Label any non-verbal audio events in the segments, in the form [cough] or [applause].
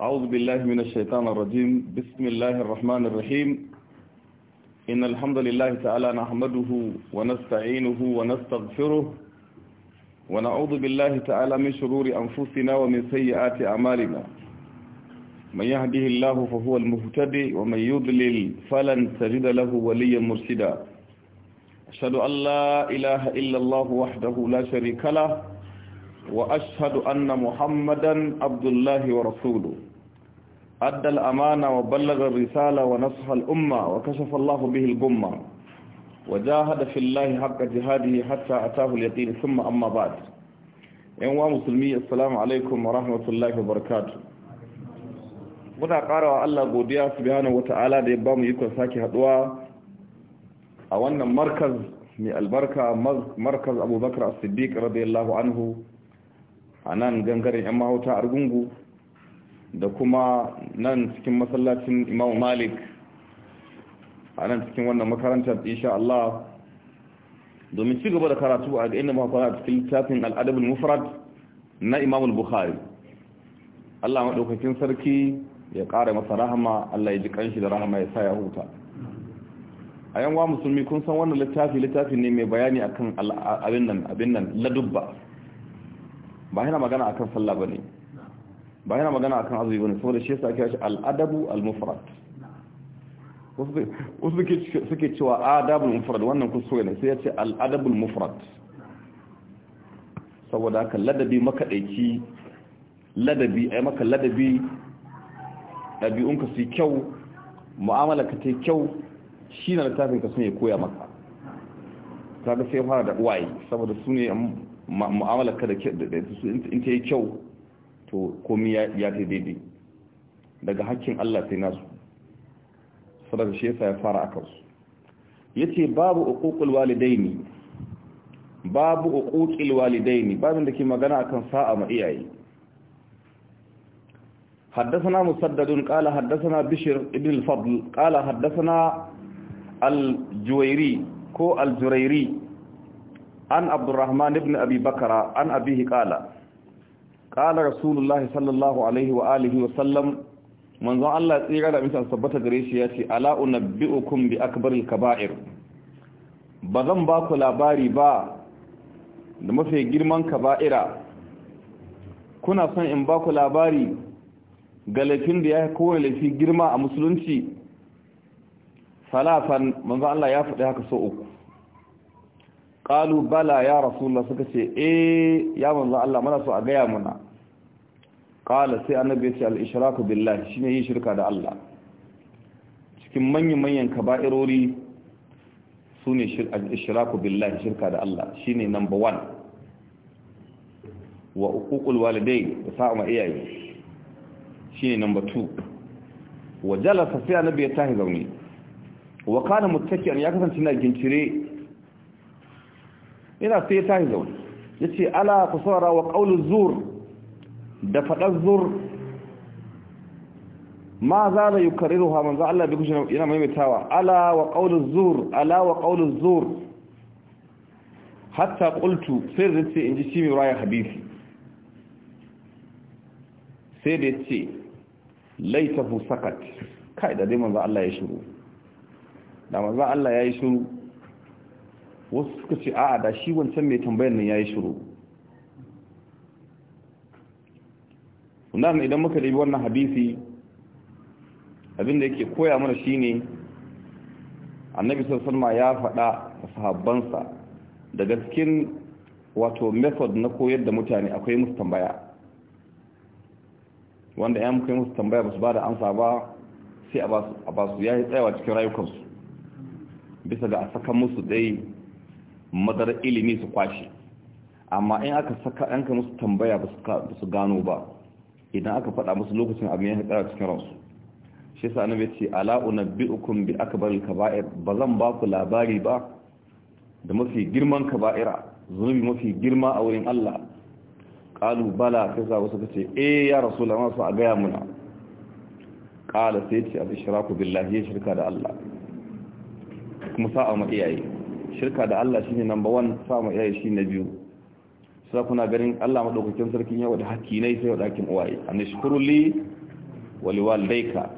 أعوذ بالله من الشيطان الرجيم بسم الله الرحمن الرحيم إن الحمد لله تعالى نحمده ونستعينه ونستغفره ونعوذ بالله تعالى من شرور أنفسنا ومن سيئات أعمالنا من يهده الله فهو المهتدي ومن يضلل فلن تجد له وليا مرشدا أشهد أن لا إله إلا الله وحده لا شريك له وأشهد أن محمدا عبد الله ورسوله أدى الأمانة وبلغ الرسالة ونصح الأمة وكشف الله به الغمة وجاهد في الله حق جهاده حتى أتاه اليقين ثم أما بعد ‘yan musulmi assalamu alaikum wa rahmatullahi wa barkatu. muna karawa Allah godiya subhanahu wata'ala da ya ba mu yikon sake haduwa a wannan markaz mai albarka markaz abubakar as-siddiq radiyallahu anhu a nan gangaren ‘yan mahauta argungu da kuma nan cikin masallacin imam malik a nan cikin wannan makarantar insha Allah domin ci gaba da karatu a inda muka fara cikin littafin al'adabul mufrad na imam al-bukhari Allah madaukakin sarki ya kare masa rahama Allah ya ji kanshi da rahama ya sa ya huta a yan musulmi kun san wannan littafi littafi ne mai bayani akan abin nan abin nan ladubba ba yana magana akan sallah bane ba yana magana akan azumi bane saboda shi yasa ake shi al-adabu al-mufrad wasu suke cewa al mufrad wannan kuskure ne sai ya ce al-adabul mufrad saboda haka ladabi makadaici ladabi ai maka ladabi ɗabi'unka su kyau mu'amala ka ta kyau shi na littafin ka sun ya koya maka kaga sai fara da uwaye saboda su ne mu'amala ka da in ta yi kyau to komi ya ta daidai daga hakkin Allah sai nasu saboda shi yasa ya fara akan su yace babu uququl walidaini babu uququl walidaini babin da ke magana akan sa'a ma iyaye حدثنا مسدد قال حدثنا بشر ابن الفضل قال حدثنا الجويري كو الجريري عن عبد الرحمن بن أبي بكر عن أبيه قال qala rasulullahi sallallahu alaihi wa alihi wa sallam manzon Allah tsira da mutan sabbata gare shi ce, ala unabbiukum bi akbaril kaba'ir bazan ba ku labari ba da mafi girman kaba'ira kuna son in ba ku labari ga laifin da ya kowane laifi girma a musulunci salafan manzo Allah ya faɗi haka so uku qalu bala ya rasulullah suka ce eh ya manzo Allah mana so a gaya muna qala sai annabi ya ce al ishraku billahi shine yin shirka da Allah cikin manyan manyan kaba'irori sune ishraku billahi shirka da Allah shine number 1 wa uququl walidayn da sa'a iyaye shine number 2 wa jalasa sai annabi ya tahi zauni wa kana an ya kasance na gincire yana sai ta yi zaune ya ce ala ku wa ƙaunin zur da faɗar zur ma za da yi kariru ha manzan Allah bai kushe yana maimaitawa ala wa ƙaunin zur ala wa ƙaunin zur hatta ƙultu sai da ce in ji shi mai raya hadisi sai da ce laitahu sakat kai da dai manzan Allah ya shiru da manzan Allah ya yi shiru wasu suka ce a da shi wancan mai tambayar nan ya yi shiru nan idan muka dubi wannan hadisi abinda yake koya mana shine annabi sallallahu alaihi ya faɗa sahabbansa da gaskin wato method na koyar da mutane akwai musu tambaya wanda ya muka yi musu tambaya ba su ba da amsa ba sai a ba su ya yi tsayawa cikin rayukansu bisa ga a saka musu dai madar ilimi su kwashe amma in aka saka an ka musu tambaya ba su gano ba idan aka faɗa musu lokacin abin ya haɗara cikin ransu shi yasa annabi ce ala unabbiukum bi akbaril kaba'ir bazan ba ku labari ba da mafi girman kaba'ira zunubi mafi girma a wurin Allah qalu bala kaza wasu kace e eh, ya rasulullahi su a gaya muna qala sai ce al-ishraku billahi shirka da Allah kuma sa'a ma iyaye shirka da Allah shine number 1 samu iyaye shi na biyu sai kuna ganin Allah madaukakin sarkin yawa da hakki ne sai wadakin uwaye anashkuru li wa liwalidayka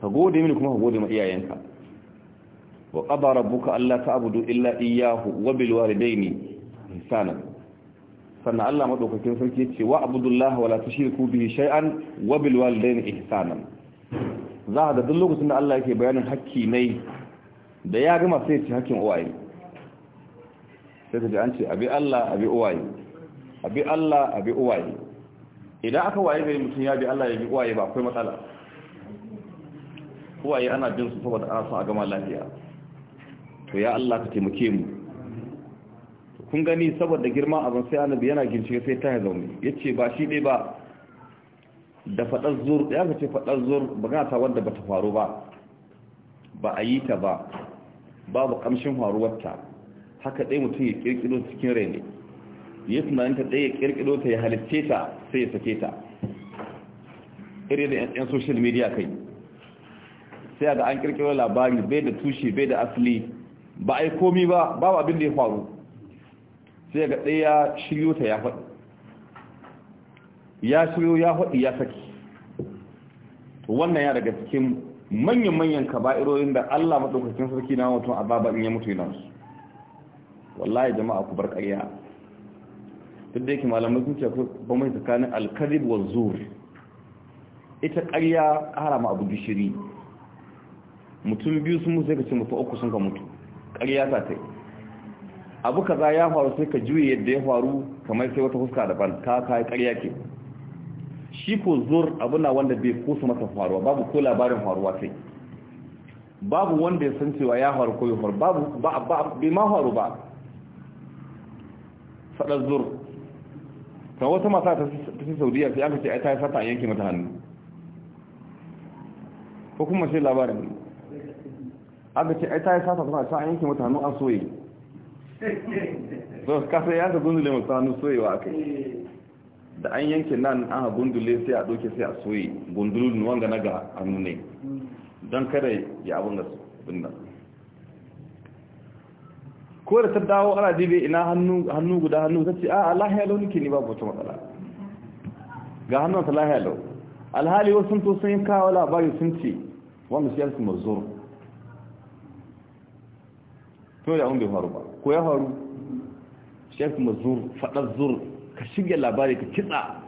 ka gode mini kuma ka gode ma iyayenka wa qada rabbuka alla ta'budu illa iyyahu wa bil walidayni ihsana sannan Allah madaukakin sarki yace wa abudullahi wa la tushriku bihi shay'an wa bil walidayni ihsana za da duk lokacin da Allah yake bayanin hakki ne da ya gama sai ya ci hakkin uwaye sai ta ji an ce abi Allah abi uwaye abi Allah abi uwaye idan aka waye gari mutum ya bi Allah ya bi uwaye ba akwai matsala uwaye ana jin su saboda ana son a gama lafiya to ya Allah ka taimake mu kun gani saboda girman abin sai annabi yana gince sai ta zaune yace ba shi ne ba da fadar zur ya ce fadar zur ga ta wanda bata faru ba ba a yi ta ba babu kamshin faruwarta haka ɗaya mutum ya kirkiro cikin rai ne ya tunanin ta ɗaya ya kirkiro ta ya halitce ta sai ya sake ta irin da 'yan social media kai sai da an kirkiro labari bai da tushe bai da asali ba a yi komi ba babu abin da ya faru sai ga ɗaya shiryo ta ya faɗi ya shiryo ya faɗi ya saki wannan ya daga cikin manyan-manyan kaba'irorin da allah maɗaukakin sarki na mutum a baba in ya mutu yana su wallahi jama'a ku bar ƙarya duk da yake malamai sun ce ba mai tsakanin alkarib wa zur ita ƙarya ƙara ma abu gishiri mutum biyu sun mutu sai ka ce mutu uku sun ka mutu ƙarya ta ta abu kaza ya faru sai ka juye yadda ya faru kamar sai wata fuska daban ka kai ƙarya ke shi ko zur abuna wanda bai kusa masa faruwa babu ko labarin faruwa sai babu wanda ya san cewa ya faru ko ya faru babu ba ba bai ma faru ba fadar zur ta wata masa ta fi saudiya sai aka ce ai ta yi sata yanki yanke mata hannu ko kuma sai labarin aka ce ai ta yi sata kuma sa an yanke mata hannu an soye so kasa ya ta gundule mata hannu soyewa aka yi da an yanke nan an ha gundule sai a doke sai a soye gundulun wanga na ga hannu ne don kada ya abin da su ko da ta dawo ana jibe ina hannu guda hannu ta ce a lahiyar launin ke ni babu wata matsala ga hannunsa lahiyar lau alhali wasu sun to sun yi kawo labari sun ce wanda su yansu mazur to da an faru ba ko ya faru shi yansu mazur faɗar zur ka shige labari ka kitsa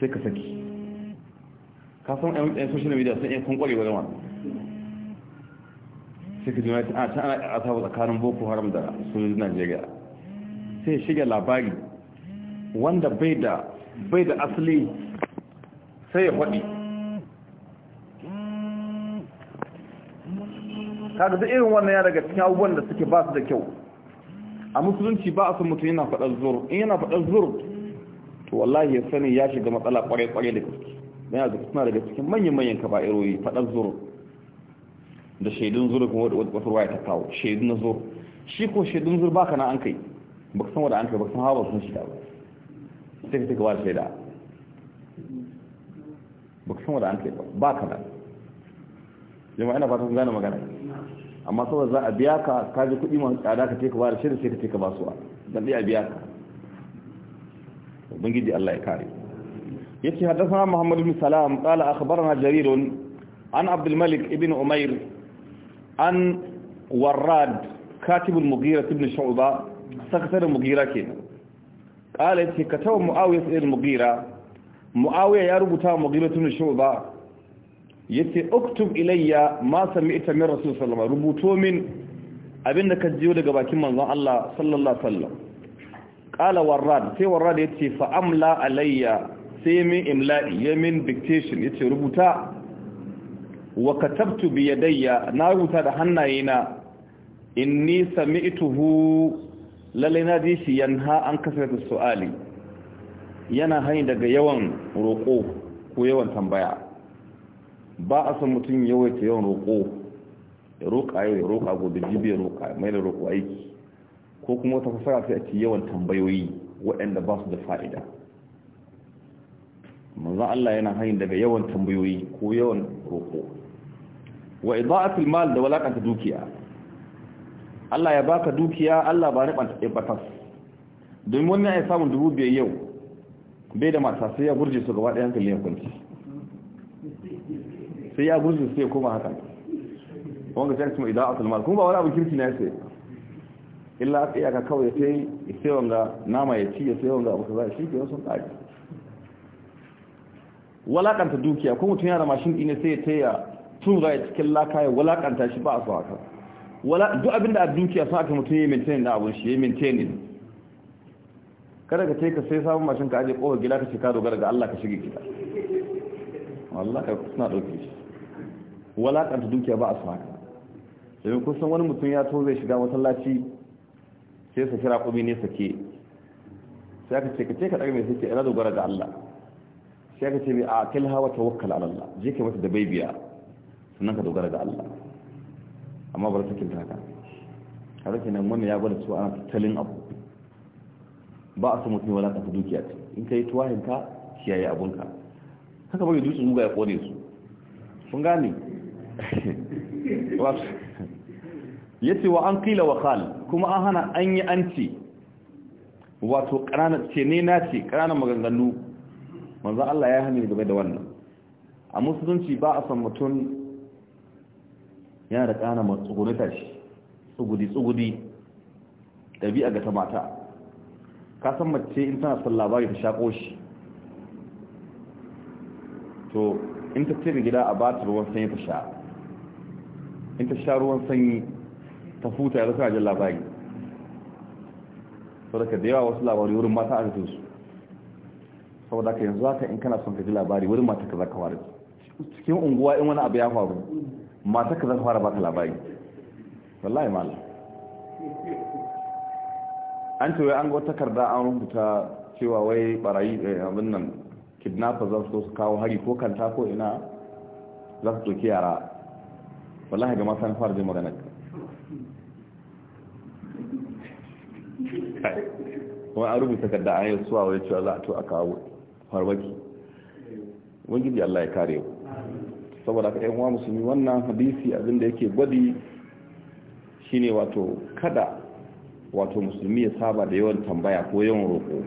sai ka saki ka san yan social media sun iya kun kwarewa yawan sai ka jima a ta ana a saba tsakanin boko haram da sojojin najeriya sai shiga labari wanda bai da asali sai ya faɗi kaga da irin wannan ya daga cikin abubuwan da suke ba su da kyau a musulunci ba a san mutum yana faɗar zur in yana faɗar zur to wallahi ya sani ya shiga matsala kwarai-kwarai da gaske yana da suna daga cikin manyan manyan kaba'iroyi faɗar zur da shaidun zur kuma wata ruwa ta kawo shaidun na zur shi ko shaidun zur baka na an kai san wanda an kai san sun ba sai ka gaba shaida san wanda an kai ba baka na ina fatan gane magana amma saboda za a biya ka ka ji kuɗi masu tsada ka ce ka ba da shaida sai ka ce ka ba su dan dai a biya ka ubangiji Allah ya kare yace haddathana Muhammad bin Salam qala akhbarana Jarir an Abdul Malik ibn Umair an warrad katibul mugira ibn shu'ba sakatarin mugira kenan qala yace katawa muawiya ibn mugira muawiya ya rubuta mugira ibn shu'ba yace uktub ilayya ma sami'ta min rasul sallallahu alaihi wasallam rubuto min abinda ka jiyo daga bakin manzon Allah sallallahu alaihi wasallam qala warrad sai warrad yace fa amla alayya sai min imla'i yamin dictation yace rubuta wa katabtu bi yadayya na rubuta da hannayena inni sami'tuhu lalle na ji shi yanha an kasarta su'ali yana hani daga yawan roƙo ko yawan tambaya ba a san mutum yawaita yawan roƙo ya roƙa yau ya roƙa gobe jibi ya roƙa mai da roƙo aiki ko kuma wata fasara sai a ci yawan tambayoyi waɗanda ba su da fa'ida manzan Allah yana hani daga yawan tambayoyi ko yawan roƙo wa idaatul mal da walakanta dukiya Allah ya baka dukiya Allah ba ni batas domin wannan ai samu dubu biyar yau bai da mata sai ya gurje su gaba ɗayan kalli ya kwanci sai ya gurje su ya koma haka wanga sai kuma idaatul mal kuma ba wani abin kirki na sai illa sai aka kawai sai sai wanga nama ya ci ya sai wanga abu kaza shi ke wasu kaji walakanta dukiya ko mutum yana mashin ne sai ya taya sun zai cikin laka ya walakanta shi ba a so haka duk abinda da abin sa aka mutum ya maintain da abun shi ya maintain kada ka ce ka sai samun mashin ka aje kowa gida ka ce ka dogara ga Allah ka shige gida wallahi suna dauke shi walakanta dukiya ba a so haka domin kun san wani mutum ya to zai shiga masallaci sai sa kira kuma ne sake sai aka ce ka ce ka daga mai sake ina dogara ga Allah sai aka ce mai a kalha wa tawakkal ala Allah je ka mata da baibiya sannan ka dogara ga Allah amma ba sakin ta haka har nan mun ya gwada cewa ana tattalin abu ba a samu kuma wadata dukiya ce in kai tuwahin ka kiyaye ka haka bari mu ga ya kone su kun gane [laughs] yace wa an qila wa qal kuma an hana an yi an ce wato ƙananan ce ne na ce ƙananan maganganu manzo Allah ya hani game da wannan a musulunci ba a san mutum yana da ƙana matsugunita shi tsugudi-tsugudi ɗabi'a ga ta mata ka san mace in tana son labari ta shaƙo shi to in ta ce gida a ba ta ruwan sanyi ta sha in ta sha ruwan sanyi ta huta ya zaka jin labari sau da ka da yawa wasu labari wurin mata a su sau da ka yanzu haka in kana son ka ji labari wurin mata ka zaka wari cikin unguwa in wani abu ya faru mata ka zan fara baka labari wallahi malam an ce wai an ga takarda an rubuta cewa wai barayi eh, abin nan kidnapper za su su kawo hari ko kanta ko ina za su doki yara wallahi ga masu fara jin magana kuma an rubuta takarda an yi suwa wai cewa za a to a kawo farwaki wani gidi Allah ya kare ku saboda ka uwa musulmi wannan hadisi abinda yake gwadi shine wato kada wato musulmi ya saba da yawan tambaya ko yawan roƙo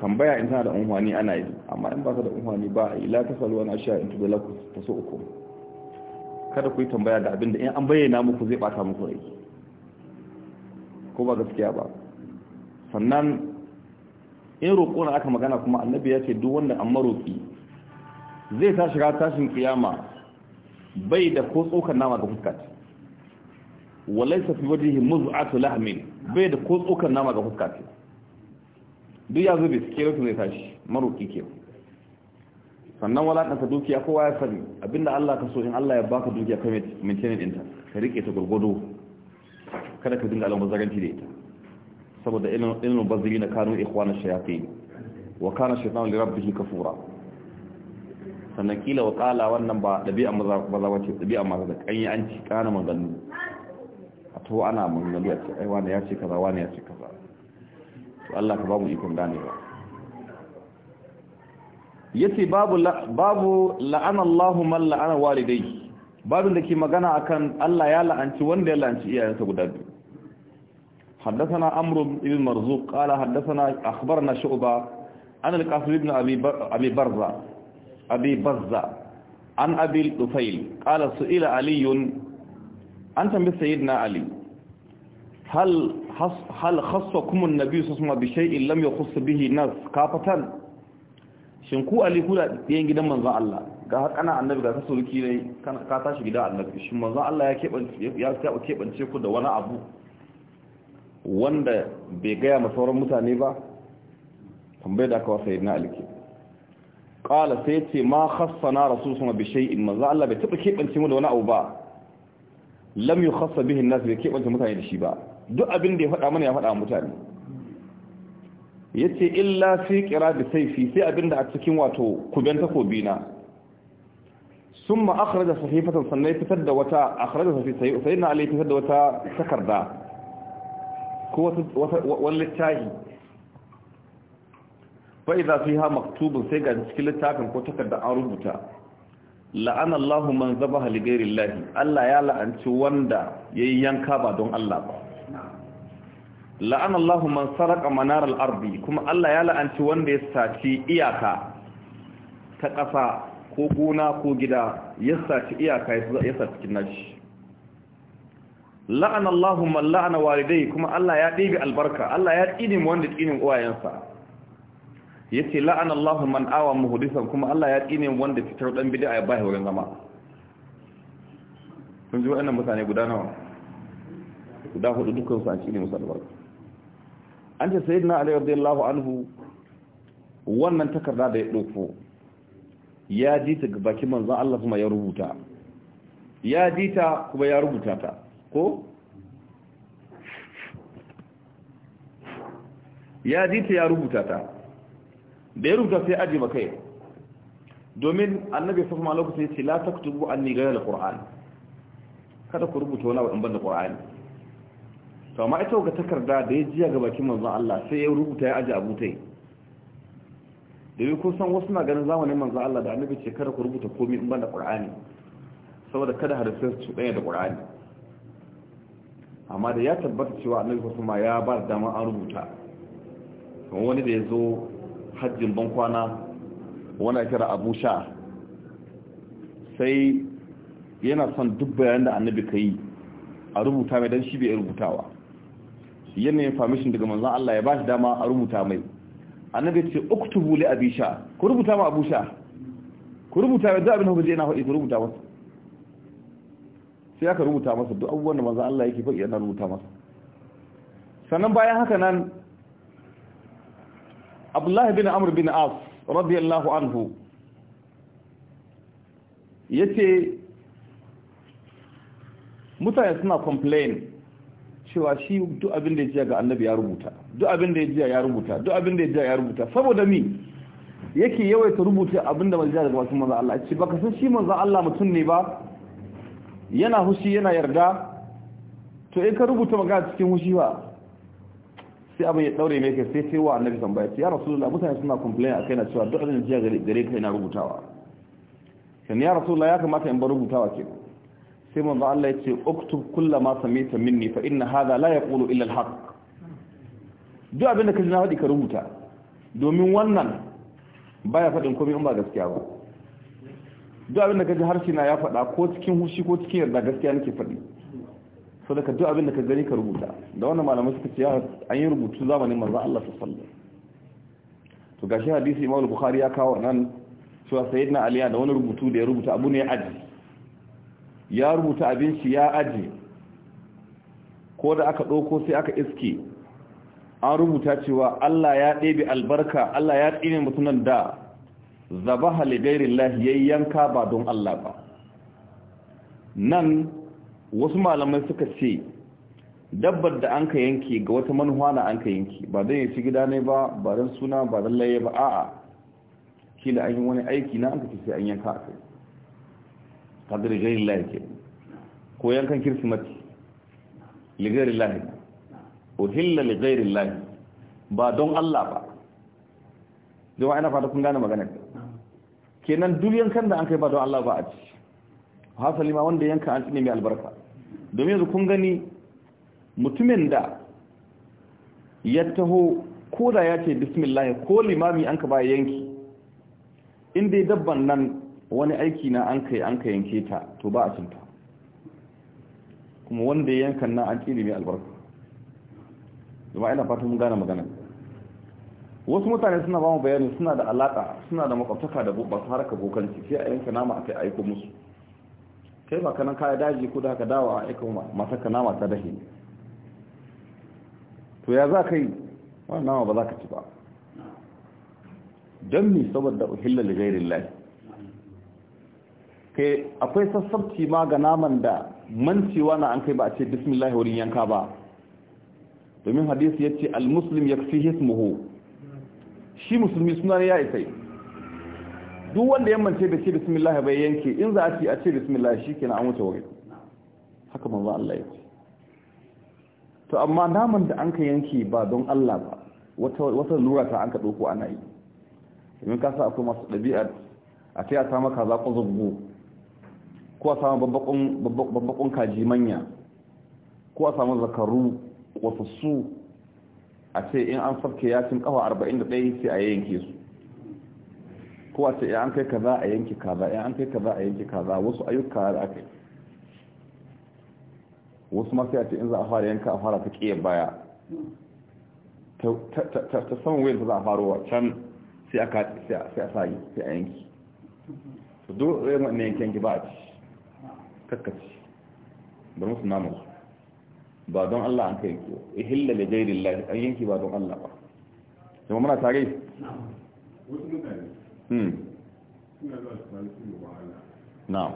tambaya in tana da umarni ana yi amma in ba ka da umarni ba a yi la ta salwa na sha in tuba laku ta so uku kada ku yi tambaya da abin da in an bayyana muku zai bata muku rai ko ba gaskiya ba sannan in roƙo na aka magana kuma annabi ya ce duk wanda an maroƙi zai tashi ra tashin kiyama bai da ko tsokar nama ga walai ce walaisa fi wajihi su lahmin bai da ko tsokar nama ga fuska duk ya zube suke rasu zai tashi maroki ke sannan wala ɗansa dukiya kowa ya sani abinda Allah ka so in Allah ya baka dukiya ka mintanin ɗinta ka rike ta gwargwado kada ka dinga alamar zaranci da ita saboda ilmin baziri na kanun ikhwana shayatin wa kana shaytanu li rabbihi kafura sannan kila wa kala wannan ba ɗabi'a maza wace ɗabi'a maza da ƙanyi an ci ƙana maganu a to ana maganu a ce ai wani ya ce kaza wani ya ce kaza to Allah ka ba mu ikon ganewa Ya ce babu la'ana Allahu man la'ana walidai babu da ke magana akan Allah ya la'anci wanda ya la'anci iyayensa guda biyu حدثنا عمرو بن مرزوق قال حدثنا اخبرنا شعبه عن القاسم بن ابي ابي برزه أبي بزة عن أبي الطفيل قال سئل علي أنت من سيدنا علي هل hal khassakum annabi sallallahu alaihi wasallam lam yakhuss bihi nas kafatan shin ku ali kula ɗayan gidan manzo Allah ga har kana annabi ga kasuruki ne ka tashi gida annabi shin manzo Allah ya kebance ya kebance ku da wani abu wanda bai gaya ma sauran mutane ba tambayar da aka wa sayyidina ali ke qala sai ce ma khassana rasuluna bi shay'in manzo Allah bai taba kebance mu da wani abu ba lam yukhassa bihi an-nas bai kebance mutane da shi ba duk abin da ya faɗa mana ya faɗa mutane yace illa fi qira bi sayfi sai abinda a cikin wato kuben takobi na summa akhraja sahifatan sannan ya fitar da wata akhraja sahifa sayyidina ali fitar da wata takarda ko wata wani littafi fa'iza fi ha maktubin sai ga cikin littafin ko takardar an rubuta la'ana Allah man zaba haligairin lahi Allah ya la'anci wanda ya yi yanka ba don Allah ba la'ana Allah man saraka manar al'arbi kuma Allah ya la'anci wanda ya saci iyaka ta ƙasa ko gona ko gida ya saci iyaka ya saci cikin nashi la'ana Allah man la'ana walidai kuma Allah ya ɗibi albarka Allah ya tsinin wanda tsinin uwayensa yace la'ana Allahu man awa muhdisan kuma Allah ya kine wanda fitar dan bid'a ya bai wurin zama kun ji wannan mutane guda nawa guda hudu dukkan su a cikin musalbar an ce sayyidina Ali radiyallahu anhu wannan takarda da ya dauko ya ji ta bakin manzon Allah kuma ya rubuta ya ji ta kuma ya rubuta ta ko ya ji ta ya rubuta ta da ya rubuta sai aji kai domin annabi ya safama lokacin ya ce la an ni gaya da qur'an kada ku rubuta wani abu in banda qur'ani to amma ita ga takarda da ya jiya ga bakin manzon Allah sai ya rubuta ya aji abutai domin kun san wasu na ganin zamanin manzon Allah da annabi ce kada ku rubuta komai in banda qur'ani saboda kada harfin su daya da qur'ani amma da ya tabbata cewa annabi safama ya ba da dama an rubuta wani da ya zo hajjin bankwana wanda kira abu sha sai yana son duk bayan da annabi ka yi a rubuta mai don shi bai rubutawa yanayin famishin daga manzan Allah ya ba shi dama a rubuta mai annabi ce uktubu li abu sha ku rubuta ma abu sha ku rubuta mai duk abin da kuka je na ku rubuta masa sai aka rubuta masa duk abubuwan da manzan Allah yake faɗi yana rubuta masa sannan bayan haka nan abdullahi bin amr bin as radiyallahu anhu yace mutane suna complain cewa shi duk abin da ya jiya ga annabi ya rubuta duk abin da ya jiya ya rubuta duk abin da ya jiya ya rubuta saboda mi yake yawaita rubuta abin da majiya daga wasu manzan Allah ce baka san shi manzan Allah mutum ne ba yana hushi yana yarda to in ka rubuta magana cikin hushi ba sai abin ya daure mai kai sai sai wa annabi tambaya ya rasulullah mutane suna complain akai na cewa duk da jiya gare gare kai na rubutawa kan ya rasulullah ya kamata in bar rubutawa ke sai manzo Allah ya ce uktub kullama samita minni fa inna hadha la yaqulu illa al duk abin da kaji na faɗi ka rubuta domin wannan baya faɗin komai in ba gaskiya ba duk abin da kaji harshe na ya faɗa ko cikin hushi ko cikin yarda gaskiya nake faɗi so da ka ji abin da ka gani ka rubuta da wannan malamai suka ce an yi rubutu zamanin manzan Allah su alaihi to gashi hadisi Imam Bukhari ya kawo nan cewa sayyidina Ali da wani rubutu da ya rubuta abu ne ya aji ya rubuta abin shi ya aji ko da aka ɗauko sai aka iske an rubuta cewa Allah ya ɗebe albarka Allah ya tsine mutunan da zabaha li ghairi Allah yayyanka ba don Allah ba nan wasu malamai suka ce dabbar da an ka yanke ga wata manuwa na an ka yanki ba don ya ci gida ne ba ba don suna ba don laye ba a'a kila an yi wani aiki na an ka sai an yanka a kai kadar gari lahi ke ko yankan kirsimati ligari lahi hila ligari lahi ba don allah ba jama'a ina fata kun gane maganar kenan duk yankan da an kai ba don allah ba a ci hasali ma wanda yanka an tsine mai albarka domin yanzu kun gani mutumin da ya taho ko da ya ce bismillah ko limami an ka ba yanki inda ya dabban nan wani aiki na an kai an ka yanke ta to ba a cinta kuma wanda ya yankan na an tsiri albarka zama ina fatan mun gane magana wasu mutane suna ba mu bayani suna da alaƙa suna da makwabtaka da su haraka bokanci sai a yanka nama a kai aiko musu kai ba kanan kaya daji ko da ka dawa a ikon ba kana mata dahi to ya za ka yi wannan ba za ka ci ba don mi saboda uhillar gairin lai kai akwai sassabci ma ga naman da mancewa na an kai ba a ce bismillah wurin yanka ba domin hadisi ya ce Al al-muslim ya fi hismuhu shi musulmi suna ne ya isai duk wanda ya mance da ce bismillah bai yanke in za a ce a ce bismillah ke an wuce wuri haka manzo Allah ya ce to amma naman da an ka yanke ba don Allah ba wata lura ta an ka ɗauko ana yi domin kasa akwai masu ɗabi'a a ta a maka za ku zubbo ko a samu babbakon kaji manya ko a samu zakaru wasu su a ce in an farke yakin kawa 41 sai a yanke su ko a ce eh, an kai ka za a yanki kaza za eh, an kai ka za a yanki kaza wasu ayyuka da aka yi wasu masu yace in za a fara yanka a fara ta ƙiyar baya ta saman wayar ta za a farowa can sai a sayi sai a yanki su duk rayu na yankin yanki ba a ci kakkaci da musu namun ba don Allah an ka yanki ba ihilla eh, da jairin lafi an yanki ba don Allah ba jama muna tare wasu mutane suna hmm. zuwa su kwanci da na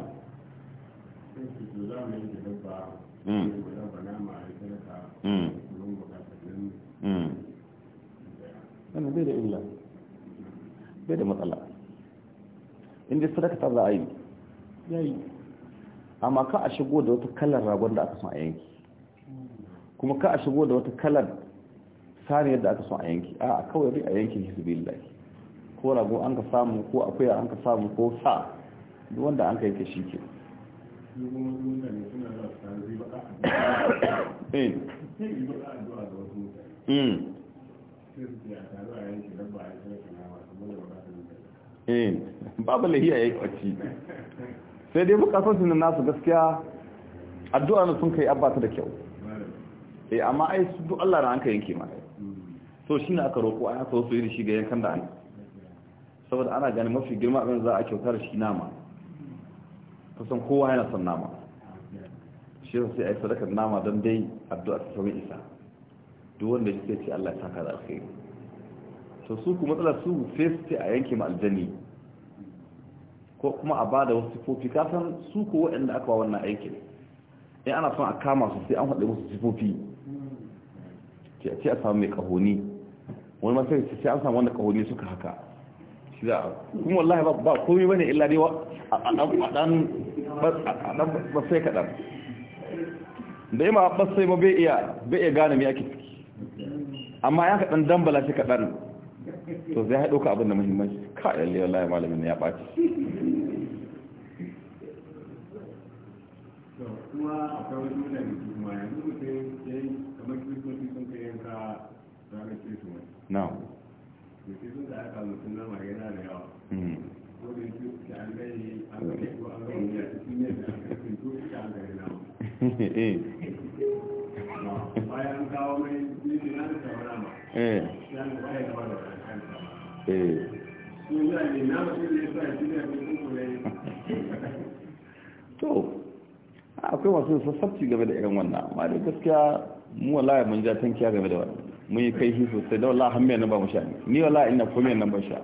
hmm. hmm. bai da illa bai da matsala inda sadaka ta za a yi yayi amma ka a shigo da wata kalar ragon da aka son a yanki kuma ka a shigo da wata kalar saniyar da aka son a yanki a kawai bai a yankin hisbi lillahi ko rago an ka samu ko akuya an ka samu ko sa duk wanda an ka yanke shi ke eh. Hmm. Eh. babu lahiya ya yi kwaci sai dai bukatun na nasu gaskiya addu'a na sun kai abata da kyau eh, amma ai su duk Allah na an ka yanke ma so shi ne aka roƙo a yasa wasu yi da shi ga yankan da an saboda ana ganin mafi girma abin za a kyautar shi nama kusan kowa yana son nama shi sai a yi sadakar nama don dai addu'a ta sami isa duk wanda shi ce Allah ya saka da alkhairi to su kuma matsala su sai su ce a yanke ma aljanni ko kuma a bada wasu sifofi kasan su ko waɗanda aka wannan aikin in ana son a kama su sai an haɗe musu sifofi ce a ce a samu mai kahoni wani masarci sai an samu wanda kahoni suka haka za a kuma wallahi ba komai bane illa dai a dan ba sai kaɗan da yi ma ba sai ma bai iya gane mai ake amma ya kaɗan dambala shi kaɗan to zai haɗo ka abin da muhimmanci ka yalle wallahi malamin ya ɓaci kuma akwai wani to akwai masu sassabci game da irin wannan ma dai gaskiya mu wallahi mun ja tankiya game da wannan mun yi kai hisu sai da Allah hamme nan ba mu sha ni wallahi ina kome nan ba sha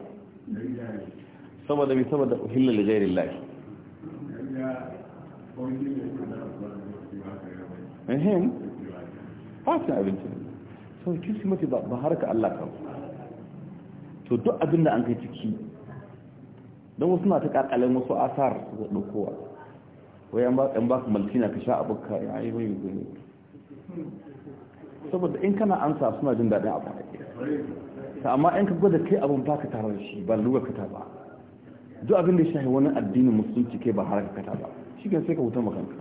saboda mi saboda uhilla li ghairi Allah ehem fata abinci so kisi mutu ba harka Allah ka to duk abin da an kai ciki don wasu na ta kakalin wasu asar da wayan ba an ba ka maltina ka sha abuka ya yi mai gani saboda in kana ansa suna jin daɗin abu ta amma in ka gwada kai abin ba ka tare da shi ba lura ka ba duk abin da shahi wani addinin musulunci kai ba har ka ta ba shi kan sai ka wuta makanka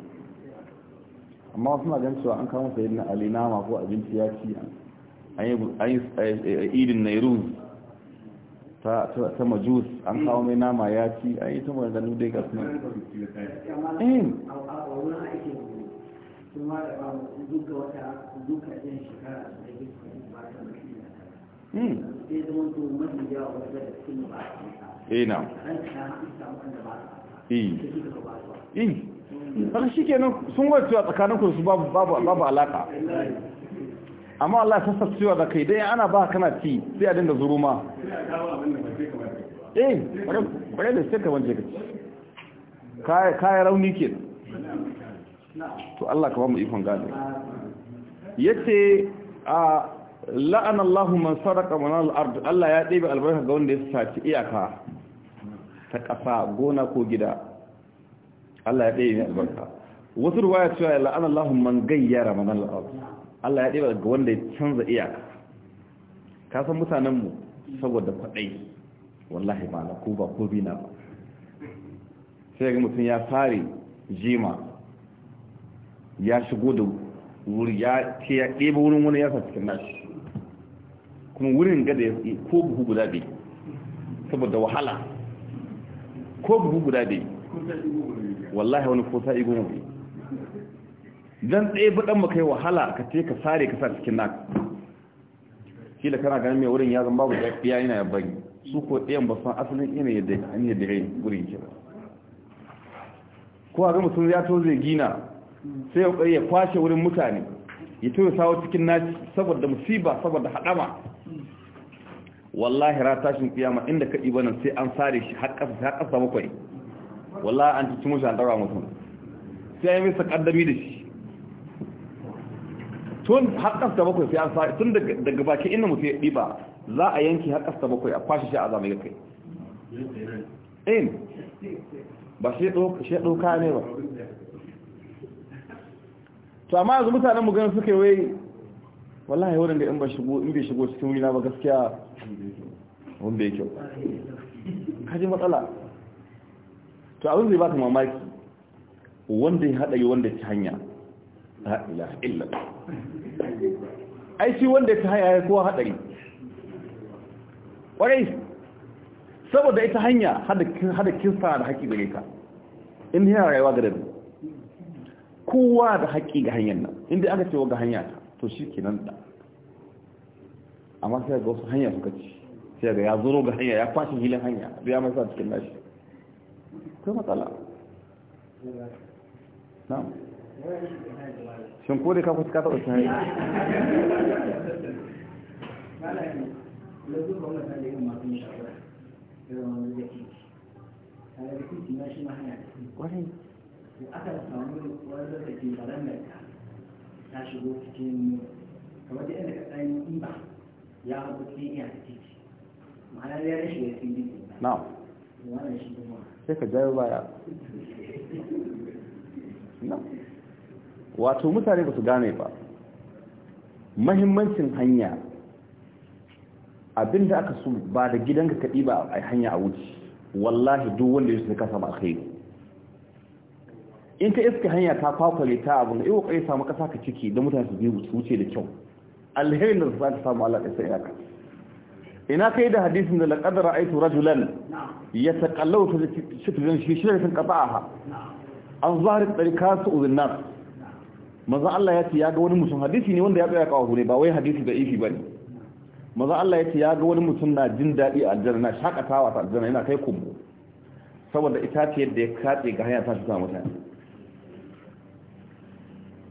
amma wasu na gan cewa an kawo sayi na ali nama ko abinci ya ci an yi eh, eh, idin nairun ta majus an kawo mai nama ya ci an yi ta maganganu dai suna eh. sun ma da ba mu duka wata duka yin shekara da ke ba ta mutum da ta hmm. sai zama to mafi yawa wata da cikin ba ta eh ta ran ta samu wanda ba ta eh eh har shi kenan sun wace a tsakaninku su babu babu alaka amma Allah ya sassa cewa da kai dai ana ba kana ci sai a dinga zuruma eh bare da sai ka wance ka ci kai rauni kenan to Allah ka ba mu ikon gane yace a la'an Allahu man saraka manal ard Allah ya ɗebe albarka ga wanda ya saci iyaka ta ƙasa gona ko gida Allah ya ɗebe albarka wasu ruwaya cewa la'an Allahu man gayyara manal ard Allah ya ɗebe ga wanda ya canza iyaka ka san mutanen mu saboda faɗai, wallahi ba na ko ba ko bina ba sai ga mutum ya fare jima ya shigo da wuri ya ce ya ɗebe wurin wani ya sa cikin nashi kuma wurin gada ya ko buhu guda bai saboda wahala ko buhu guda bai wallahi wani ko sa'i goma bai dan tsaye budan maka yi wahala ka ce ka sare ka sa cikin naka shi da kana ganin mai wurin ya zan babu ya yana ya bari su ko ɗayan ba san asalin ina yadda ya yadda rai wurin ke ba ko a ga sun ya to zai gina sai ya kwashe wurin mutane ya tura sawo cikin naci saboda musiba saboda haɗama. wallahi ra tashin kiyama inda ka iba nan sai an sare shi har kasa har bakwai wallahi an cikin mushi an ɗaura mutum sai ya misa kaddami da shi tun har kasa bakwai sai an sare tun daga baki inda mutum ya ɗiba za a yanki har kasa bakwai a kwashe shi a zama ya kai in eh, ba shi ɗauka ne ba to amma yanzu mutanen mu suka yi wai wallahi wurin da in ba shigo in bai shigo cikin wurina ba gaskiya wani bai kyau kaji matsala to abin zai baka mamaki wanda ya haɗa yi wanda ya ci hanya la ilaha illa ai shi wanda ya ci hanya ya kowa haɗari ƙwarai saboda ita hanya hada kinsa da haƙi gare ka inda yana rayuwa ga dabi kowa da haƙƙi ga hanyar nan inda aka ce waga hanya ta to shi ke nan da amma sai ga wasu hanya suka ci sai ga ya zuro ga hanya ya kwashe hilin hanya da ya sa cikin nashi ko matsala na shin ko da ka kusa taɓa shi hanya to akan samu wanda da ke baran ka ta shigo cikin kamar da yadda ka tsayin ba ya haɗu cikin iya da titi ma'ana ya rashi ya fi yi na wannan shi kuma sai ka jayo baya wato mutane ba su gane ba mahimmancin hanya abinda aka so ba da gidanka ka ba a hanya a wuce wallahi duk wanda ya su kasa ba a kai alkhairi in ka iska hanya ta kwakwale ta abin da iya kwaye samu kasa ka ciki da mutane su biyu su wuce da kyau alherin da za ka samu Allah sai ya kan. ina kai da hadisin da laqad ra'aytu rajulan yataqallaw fi shifrin shi shi a ha an kasu uzun nan maza Allah ya ce ya ga wani mutum hadisi ne wanda ya tsaya kawo ne ba wai hadisi da ifi ne. maza Allah ya ce ya ga wani mutum na jin daɗi a aljanna na shakatawa ta aljanna yana kai kumbu saboda ita ce yadda ya katse ga hanya ta shi mutane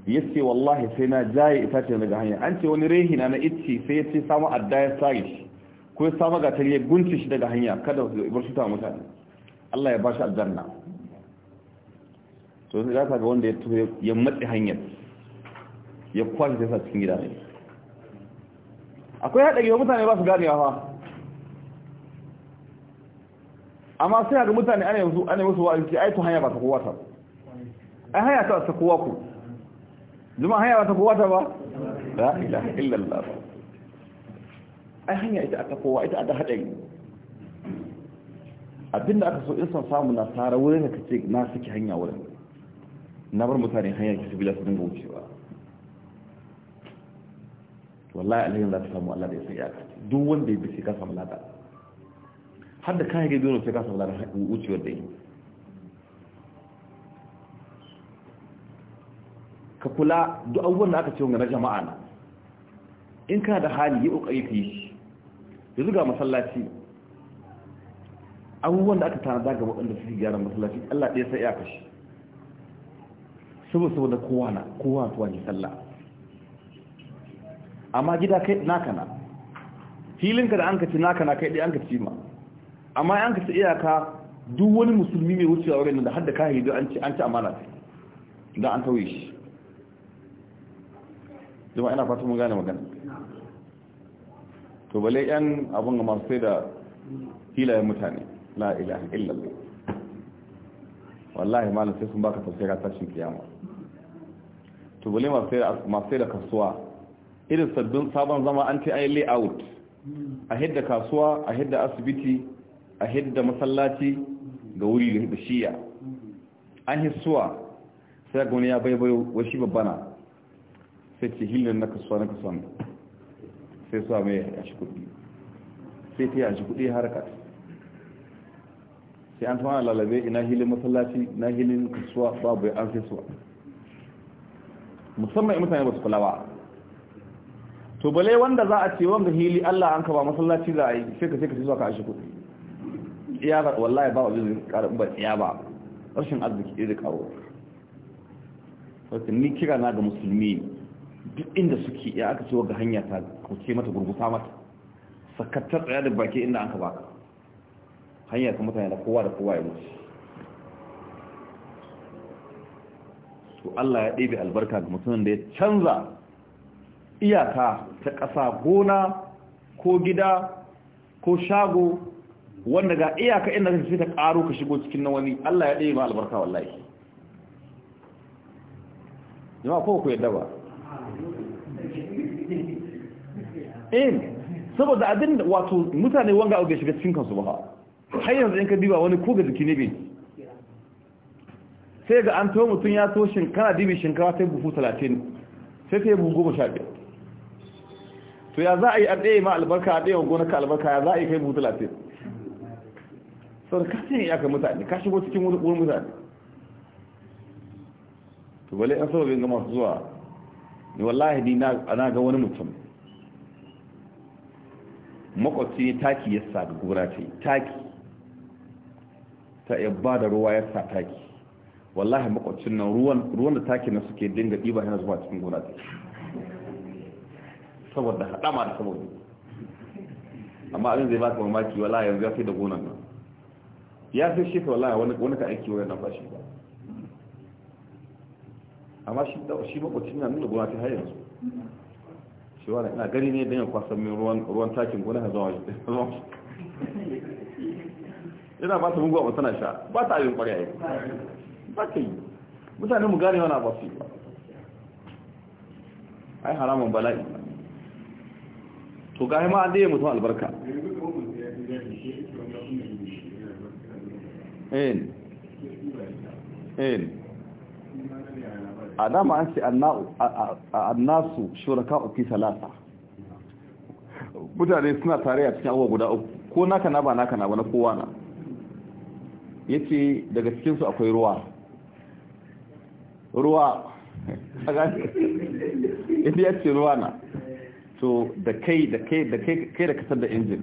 yace wallahi sai na jaye itace daga hanya an ce wani rehina na icci sai ya ce samu adda ya sare shi ko ya samu gatar ya gunce shi daga hanya kada su bar shi ta mutane Allah ya ba shi aljanna to sai zaka ga wanda ya tuho ya matsi hanyar ya kwashe ta cikin gida ne akwai haɗari wa mutane ba su ganewa fa amma sai ga mutane ana yanzu ana musu wa'azi ai to hanya ba ta kowa ta ai hanya ta ta kowa ku zuma hanya ba ta kowa ta ba la ilaha illallah ai hanya ita aka kowa ita aka yi abinda aka so in san samu na tsara wurin da ka ce na saki hanya wurin na bar mutane hanya ki su bila su dinga wucewa wallahi alhayin za ta samu Allah da ya san ka duk wanda ya bi sai ka samu lada har da ga dole sai ka samu lada wucewar da yi ka kula duk abubuwan da aka ce na jama'a na in ka da hali yi ƙoƙari ka yi shi ya ga masallaci abubuwan da aka tanada ga waɗanda su gyara masallaci Allah ɗaya sai ya kashi saboda saboda kowa na kowa tuwa ne sallah amma gida kai naka na filinka da an ka ci naka na kai ɗaya an ka ci ma amma an ka ci iyaka duk wani musulmi mai wucewa wurin da har da kahiri an ci amana da an tauye shi zama ina fata mun gane magana to bale yan abun ga masu sai da hilayen mutane la ilaha illallah wallahi malam sai sun baka tafsira tashin kiyama to bale masu sai da kasuwa irin sabbin sabon zama an ce ai layout a hidda kasuwa a hidda asibiti a hidda masallaci ga wuri da shiya an hissuwa sai ga wani ya baibayo wasu babbana sai ce hilin na kasuwa na kasuwa sai sa mai shi kudi sai ta yi shi kudi harka sai an tamawa lalabe ina hilin masallaci na hilin kasuwa babu ya an sai suwa musamman mutane ba su kula ba to bale wanda za a ce wanda hili Allah an ka ba masallaci za a yi sai ka sai ka zuwa ka shi kudi iya ba wallahi ba wajen zai kara ba iya ba rashin arziki zai kawo Wata ni kira na ga musulmi duk inda suke ya aka ce ga hanya ta kauce mata gurgusa mata sakattar tsaya da baki inda an ka baka hanya ta mutane da kowa da kowa ya mutu to Allah ya ɗebe albarka ga mutumin da ya canza iyaka ta ƙasa gona ko gida ko shago wanda ga iyaka inda ka fi ta ƙaro ka shigo cikin na wani Allah ya ɗebe ma albarka wallahi jama'a ko ku yadda ba eh saboda abin wato mutane wanga auge shiga cikin kansu ba har yanzu in ka diba wani ko ga jiki ne bi? sai ga an to mutum ya to shinkara dibi shinkara sai buhu 30 sai sai buhu 15 to ya za a yi a ɗaya ma albarka a ɗaya wa ka albarka ya za a yi kai buhu 30 sau da kasin ya iyakar mutane ka shigo cikin wurin mutane to bale an sababin ga masu zuwa ni wallahi ni na ga wani mutum makwabci ne taki ya sa da gora ce taki ta yabba da ruwa ya sa taki wallahi makwabcin nan ruwan da taki na suke dinga ɗiba yana zuwa cikin gora ce saboda haɗama da saboda amma abin zai baka mamaki wallahi yanzu ya fi da gonan nan ya fi shi ka wallahi wani ka aiki wani na fashi ba amma shi makwabcin nan nuna gona ce har yanzu shi wani ina gani ne don ya kwasan min ruwan takin gona ya zuwa wani yana ba ta mugu a masana sha ba ta abin kwarya yi ba ta yi mutane mu gane wani abasu ba ai haramun bala'i to gahi ma an daya mutum albarka in in a dama an ce annasu shuraka uku salasa mutane suna tare a cikin abubuwa guda uku ko naka na ba naka na ba na kowa na ya ce daga cikinsu akwai ruwa ruwa [laughs] a gani ya ce ruwa na to da kai da kai da kai da kasar da injin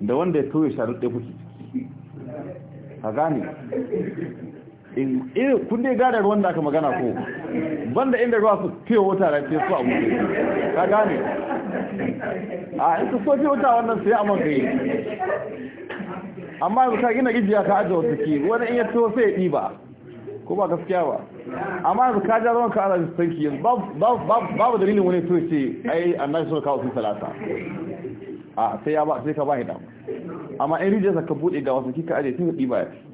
da wanda ya kawai sharar ɗaya kusa a gani irin kun dai gane ruwan da aka magana ko banda inda ruwa su fiye wata rafi su a wuce ka gane a in su so fiye wata wannan yi a mafi yi amma yanzu ka gina rijiya ka ajiye wasu ke wani in yi to sai ya ɗiba ko ba gaskiya ba amma yanzu ka ja ruwan ka ala jistanki yanzu babu dalilin wani to ce ai annashi sun kawo sun talata a sai ya ba sai ka ba hidam amma in rijiyarsa ka buɗe ga wasu kika ajiye sun ba ya fi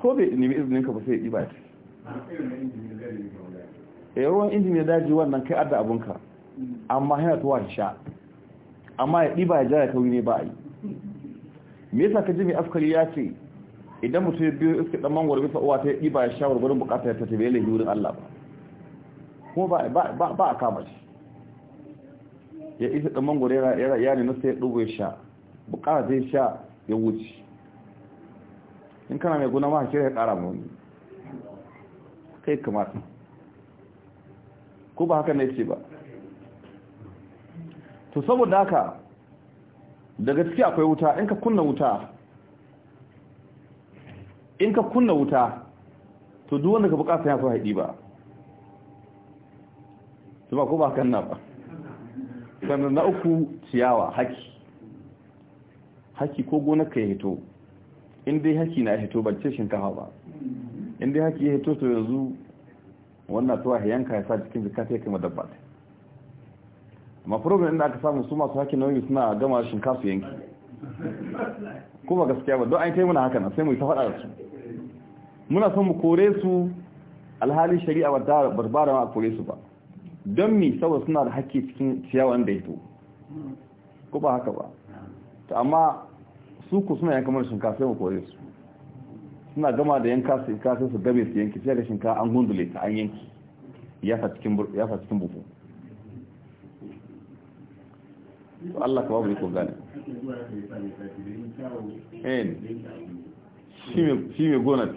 ko bai nemi izinin ka ba sai ya ɗiba ta ya eh, ruwan injiniyar daji wannan kai adda abunka amma yana tuwa da sha amma ya ɗiba ya jara kauri ne ba a yi me yasa ka ji mai askari ya ce idan mutum ya biyo iska ɗan mangwar bisa uwa ta ya ɗiba ya sha gwargwarin bukatar ta tabi yalahi wurin allah ba kuma ba a kama shi ya isa ɗan mangwar ya na nasa ya ɗugo ya sha bukatar ta ya sha ya wuce in kana mai guna ma hakira ya kara mu kai kamar ko ba haka ne ce ba to saboda haka da gaske akwai wuta in ka kunna wuta in ka kunna wuta to duk wanda ka bukata ya so haidi ba to ba ko ba kan na ba sannan na uku ciyawa haki haki ko gonar ka ya hito in dai haki na hito ba ce shinkafa ba in dai haki ya hito to yanzu wannan tuwa yanka ya sa cikin jika ta kai madabba ta amma program inda aka samu su masu haki nauyi suna gama shinkafa yanki kuma gaskiya ba don an kai muna hakan sai mu ta faɗa da su muna son mu kore su alhali shari'a ba ta barbara ma a kore su ba don mi saboda suna da haƙƙi cikin ciyawan da ya to ko ba haka ba to amma su ku suna yanka mana shinkafa sai mu kore su suna gama da yanka su ka sai su gabe su yanki sai da shinkafa an gundule ta an yanki ya fa cikin ya fa cikin to Allah ka babu ko gane en shi me gona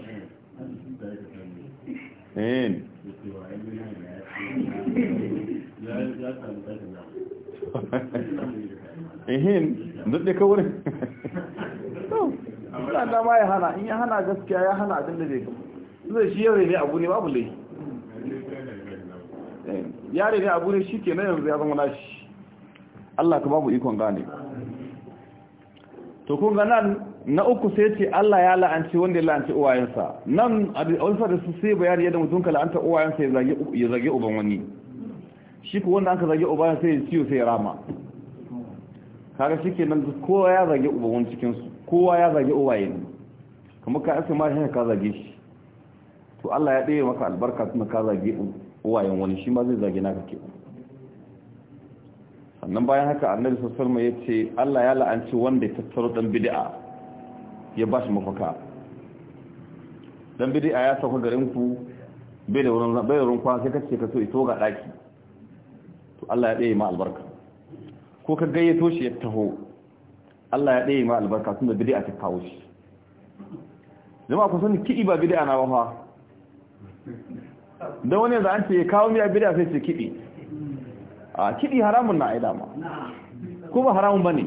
ehin duk da kawai [laughs] muna dama ya hana in ya hana gaskiya ya hana abin da zai gama zai shi yare ne abu ne babu lai eh, yare ne abu ne shi ke na yanzu ya zama nashi Allah ka babu ikon gane to kun ganan na uku sai ce Allah ya la'anci wanda ya la'anci uwayensa nan alfa da su sai bayani yadda mutum ka la'anta uwayensa ya zage uban wani shi ku wanda an ka zage uban sai ya ciwo sai ya rama kaga ke nan kowa ya zage uban wani cikinsu. kowa ya zage uwaye ne kuma ka asa ma shi ka zage shi to Allah ya ɗaya maka albarka kuma ka zage uwayen wani shi ma zai zage naka ke sannan bayan haka annabi sallallahu alaihi wasallam yace Allah ya la'anci wanda ya tattaro dan bid'a ya ba shi mafaka dan bid'a ya sauka garin ku bai da wurin bai da wurin kwana sai kace ka so ito ga daki to Allah ya ɗaya ma albarka ko ka gayyato shi ya taho Allah ya ɗaya ma albarka tun da bid'a ta kawo shi Zama ku sani kiɗi ba bid'a na wafa don wani yanzu an ce ya kawo miya bid'a sai ce kiɗi a kiɗi haramun na aida ma ko ba haramun ba ne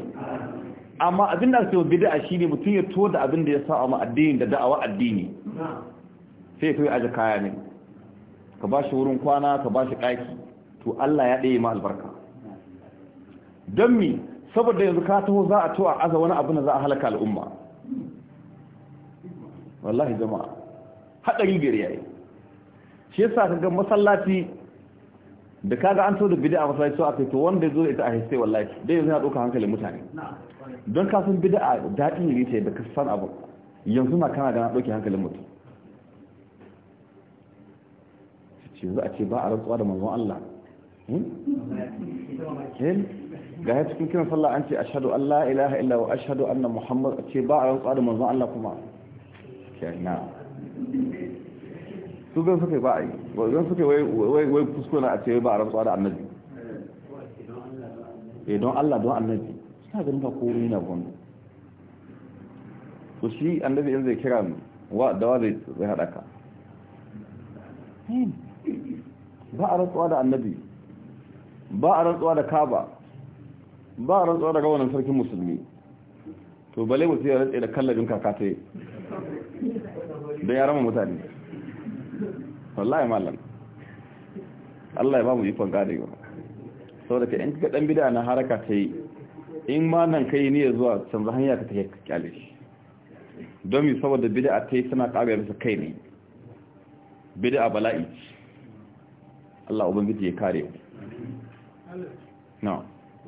amma abin da ake bid'a shi ne mutum ya to da abin da ya sa ma addini da da'awa addini sai ya kai aje kaya ne ka ba shi wurin kwana ka ba shi ɗaki to Allah ya ɗaya ma albarka don mi saboda yanzu ka taho za a to a aza wani abu na za a halaka al'umma wallahi jama'a haɗari gari yayi shi yasa ka ga masallaci da kaga an to da bid'a masallaci so a kai to wanda zo ita a hisse wallahi dai yanzu ya ɗauka hankalin mutane don ka san bid'a daɗi ne ce da ka san abu yanzu na kana gana na ɗauke hankalin mutum ce za a ce ba a rantsuwa da manzon Allah hmm? eh? ga ya cikin kiran sallah an ce ashhadu an la ilaha illa wa ashhadu anna muhammad ce ba a rantsuwa da manzon Allah kuma kenan su gan suka ba a yi gan suka wai wai a ce ba a rantsuwa da annabi eh don Allah don annabi suna ganin ba ko na gon to shi annabi yanzu zai kira wa da wa zai haɗa ka hmm. ba a rantsuwa da annabi ba a rantsuwa da kaba ba a rantsuwa daga wannan sarkin musulmi to bale mutu ya rantsa da kallabin kaka ta da ya rama mutane wallahi mallam Allah ya ba mu ikon gadewa sau da ka yanki ka ɗan bida na haraka ta yi in ma nan ka yi niyyar zuwa canza hanya ka ta yi kyale shi don mi saboda bida a ta yi suna ƙaga bisa kai ne bida bala'i Allah ubangiji ya kare mu na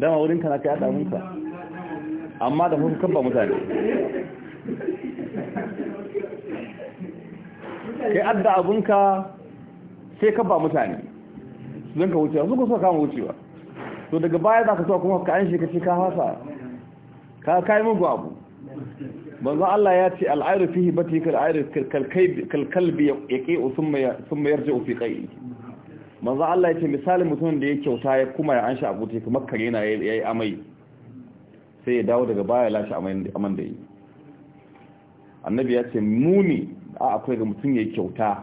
dama wurin na ka yada munka amma da kuka kaba mutane kai adda abunka sai kaba mutane don ka wucewa suka suka kama wucewa to daga baya za ka so kuma ka an shi ka ce ka hasa ka kai mugu abu manzo Allah ya ce al'ayru fihi batikal kal kalkalbi yaqi thumma thumma yarji'u fi qayli manzo Allah yake misalin mutum da ya kyauta ya kuma ya anshi abu ta kamar kare na yayi amai sai ya dawo daga baya lashe aman da yi annabi ya ce muni a akwai ga mutum ya kyauta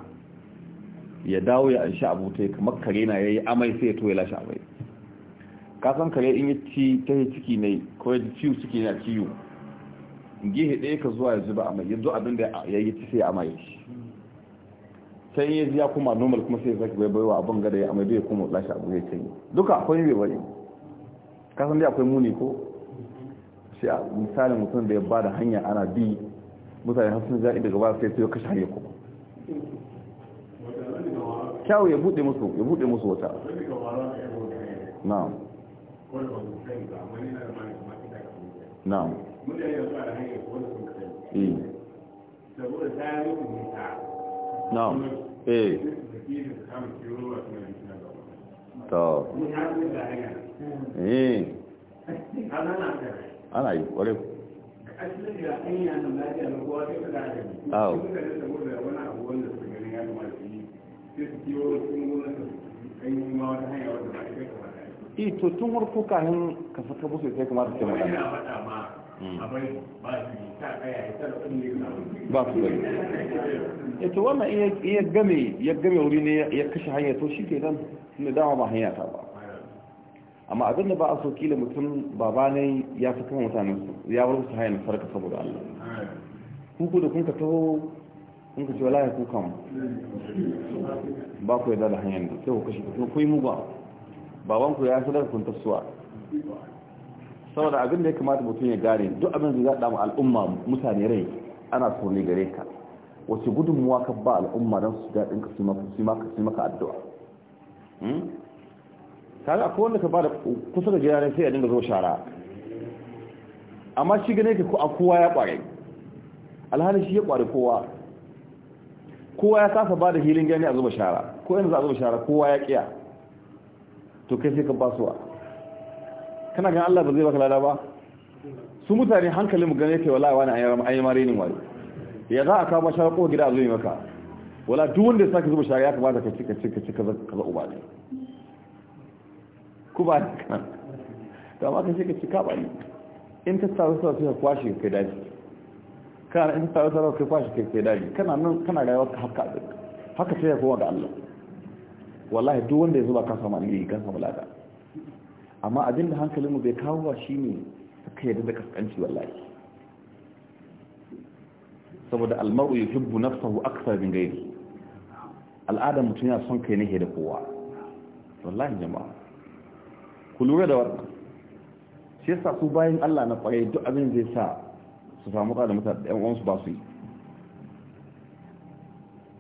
ya dawo ya anshi abu ta kamar kare na yayi amai sai ya to ya lashi amai ka san kare in ya ci ta ciki ne ko ya ciwo ciki na ciwo gihe ɗaya ka zuwa ya zuba amai yanzu abin da ya yi ci sai ya amaye shi sai ya ji ya kuma normal kuma sai ya zaki bai baiwa abin gada ya amai bai kuma lashe abu ya ce duka akwai bai bari kasan dai akwai muni ko shi a misalin mutum da ya ba da hanya ana bi mutane har sun ja'i daga ba sai sai ya kashe hanyar kuma kyawu ya bude musu ya bude musu wata na'am na'am mutane da hanyar sun eh. saboda ta yi na'am eh to eh ana yi kware awo ito eh, tun warko kayan ka saka sai kamata ce magana Hmm. ba su gani ita eh, wannan iya game ya game wuri ne ya kashe hanyar to shi ke nan ne dama ba hanya ta ba amma abin da ba a so da mutum baba ne ya fi kan mutanen su ya bar su hanyar farka saboda Allah kuku da kunka taho kunka ce wala ya kuka mu ba ku yarda da hanyar da sai ku kashe ku kuma ku mu ba babanku ya sadar kun tafsuwa saboda abin da ya kamata mutum ya gane duk abin da zaɗa mu al'umma mutane rai ana tsorne gare ka wace gudunmuwa ka ba al'umma don su daɗin ka su maka addu'a hmm? kaga akwai wanda ka ba da kusa da gida sai a dinga zo shara amma shi gane ka a kowa ya ƙware alhali shi ya ƙware kowa kowa ya kasa ba da hilin gani a zuba shara ko yanzu a zuba shara kowa ya ƙiya to kai sai ka ba su kana ganin Allah ba zai baka lada ba su mutane hankalin mu gane ke wallahi wani ayyama ayyama ne wani ya za a kawo shara ko gida a zo yi maka wala duk wanda ya saka zuba shara ya kamata ka cika cika cika ka za uba ne ku ba ka to ka cika cika ba ne in ta tsaro tsaro ka kwashi kai daji kana in ta tsaro tsaro ka kwashi kai kai daji kana nan kana rayuwa ka haka haka sai ya koma ga Allah wallahi duk wanda ya zuba ka samu ne kan samu lada amma abin da hankalinmu bai kawo wa shi ne suka yadda da kaskanci wallahi saboda almaru ya hibbu nafsahu aksar bin gairi al'adar mutum yana son kai nake da kowa wallahi jama'a ku lura da wannan shi yasa su bayan Allah na kwarai duk abin zai sa su samu da mutane da uwansu ba su yi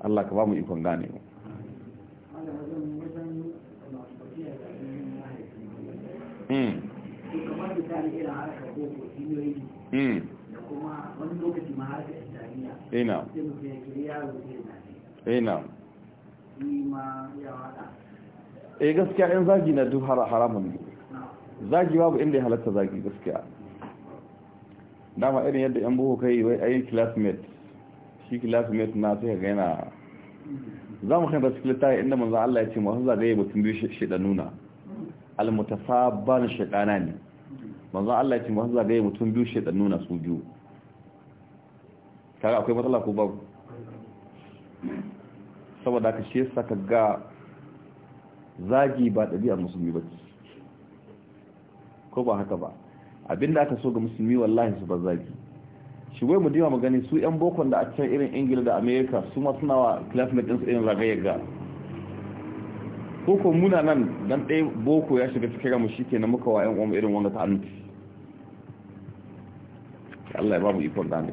Allah ka ba mu ikon gane mu E ya eh, eh, gaskiya in zagi na duk haramun ne zagi babu inda ya halatta zagi gaskiya dama irin yadda yan boko kai wai ayi classmate shi classmate na sai ga yana hmm. za mu kai da cikin littafi inda manzan Allah ya ce masu zagaye mutum biyu shi da nuna almutafaban shaitana ne manzo Allah ya ce masu zagaye mutum biyu shaitannu nuna su biyu kaga akwai matsala ko babu saboda ka shi yasa ka ga zagi ba ɗabi'ar musulmi ba ko ba haka ba abinda aka so ga musulmi wallahi su ba zagi shi wai mu dima magani su yan bokon da a can irin ingila da america su ma suna wa classmates ɗinsu irin ragayar ga ko ko muna nan dan ɗaya boko ya shiga cikin ramu shi ke na muka wa 'yan uwan irin wanda ta annuci Allah ya babu ikon Ya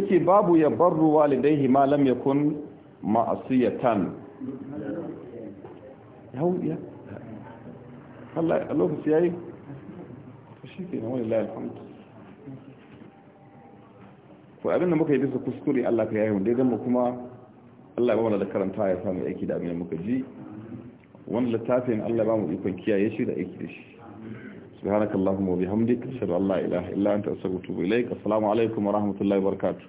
yace babu ya barru walidayhi ma lam yakun ma'asiyatan yahudiya Allah a lokaci yayi shi ke wallahi alhamdu ko muka yi bisa kuskure Allah ka yayi mu dai mu kuma Allah ba mu da karanta ya samu aiki da mai muka ji wannan littafin Allah ba mu ikon kiyaye shi da aiki da shi subhanak allahumma wa bihamdika shallallahu la ilaha illa anta astaghfiruka wa atubu ilayk assalamu alaikum wa rahmatullahi barkatu.